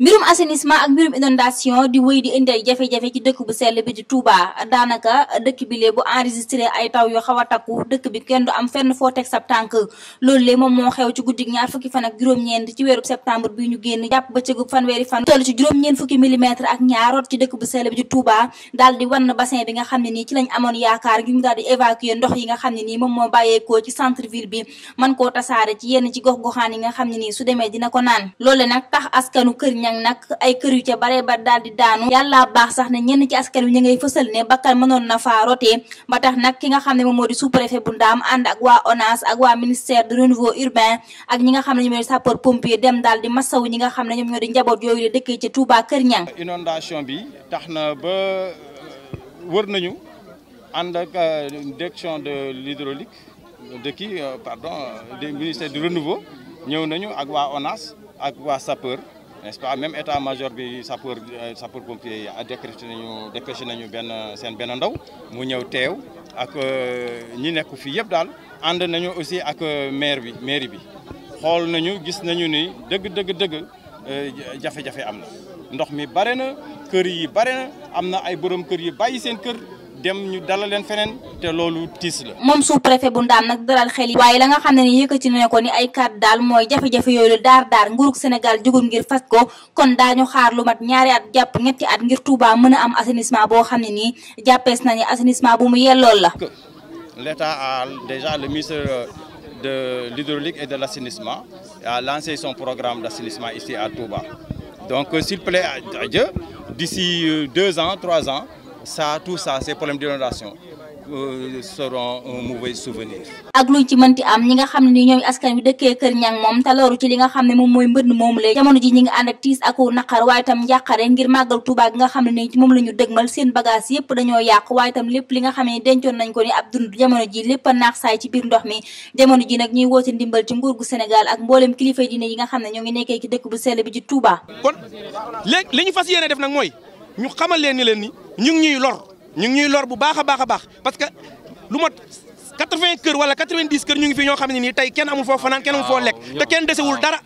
mbirum assainissement ak mbirum inondation di wéy di indi ay jafe-jafe ci dëkk bu sell bi di Touba daanaka dëkk bi lee bu enregistré ay taw yu xaw a takku dëkk bi kenn du am fenn foo teg sab tànk loolu lee moom moo xew ci guddig ñaar fukki fan ak juróom-ñeent ci weerub septembre bi ñu génn jàpp ba cëgu fanweeri fan toll ci juróom fukki millimètre ak ñaaroot ci dëkk bu sell bi di Touba nga xam ne nii ci lañ amoon yaakaar ñu daal di évacuer ndox yi nga xam ne nii moom moo bàyyeekoo ci centre ville bi man koo tasaare ci yenn ci gox goxaan yi nga xam ne nii su demee dina ko naan nag tax askanu kër ñang nag ay kër yu ca bare ba daal di daanu yàlla baax sax ne ñenn ci askan wi ñu ngay fësal ne bakkan mënoon na faa rotee ba tax nag ki nga xam ne moom moo di sous préfet bu ndaam ànd ak waa ONAS ak waa ministère du renouveau urbain ak ñi nga xam ne ñoom ñoo di sapeur pompier dem daal di masaw ñi nga xam ne ñoom ñoo di njaboot yooyu de dëkkee ca Touba Kër Ñang inondation bi tax na ba wër nañu ànd euh, de l'hydraulique de kii euh, pardon euh, du ñëw nañu ak waa ONAS ak waa sapeur n'est-ce pas même état-major bi sapeur euh, sapor pompier yi ah, nañu dépêché nañu benn seen benn ndaw mu ñëw teew ak euh, ñi nekk fii yëpp daal ànd nañu aussi ak euh, maire bi mairie bi xool nañu gis nañu ni dëgg dëgg dëgg jafe-jafe am na ndox mi bare na kër yi bare na am na ay borom kër yi bàyyi seen kër. dem ñu dalal leen feneen te loolu tiis la. moom sous préfet bu ndaam nag dalal xel yi. waaye la nga xam ne ni yëkkati na ko ni ay kàddu daal mooy jafe-jafe yooyu daar daar nguurug Sénégal jugul ngir fas ko kon daañu xaar lu mat ñaari at jàpp ñetti at ngir Touba mën a am assainissement boo xam ne nii jàppees nañu assainissement bu mu yellool la. l'État a déjà le ministère de l'hydraulique et de l'assainissement a lancé son programme d'assainissement ici à Touba donc s'il plaît à euh, trois ans. ça tout ça ces problèmes d'inondation euh, seront un mauvais souvenir. ak lu ci mënti am ñi nga xam ne ñoom askan wi dëkkee Kër Ñang moom talooru ci li nga xam ne moom mooy mbënd moom la jamono ji xam ne ni moom la ñu dëgmal seen bagage yëpp dañoo yàq waaye itam lépp li nga xam ne dencoon nañ ko ni ab dund jamono ji lépp a naax saay ci biir ndox mi jamono ji nag ñuy woote ndimbal ci nguur gu Sénégal ak mbooleem kilifa diine yi nga xam ne ñoo ngi nekkee ci dëkk bu sell bi ci Tuubaa kon ñu ngi ñuy lor ñu ngi ñuy lor bu baax a baax a baax parce que lu mat 80 kër wala 90 kër ñu ngi fi ñoo xam ni nii tey kenn amul foo fanaan kenn amul foo lekk te kenn desewul dara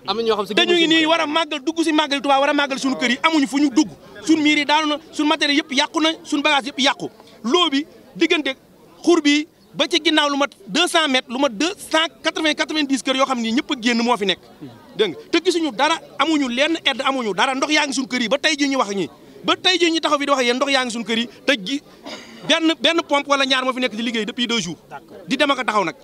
te ñu ngi nii war a màggal dugg si màggal Tuubaa war a màggal suñu kër yi amuñu fu ñu dugg suñu miir yi daanu na suñu matériel yëpp yàqu na suñu bagage yëpp yàqu loo bi diggante xur bi ba ci ginnaaw lu mat 200 mètres lu mat 280 90 kër yoo xam ne nii ñëpp a génn moo fi nekk dégg nga te gisuñu lenn aide amuñu dara ndox yaa ngi suñu kër yi ba tey ji ñu wax ñi ba tey jii ñu taxaw fi di wax yéen ndox yaa ngi suñu kër yi benn benn pompe wala ñaar moo fi nekk di liggéey depuis deux di dem ak a taxaw nag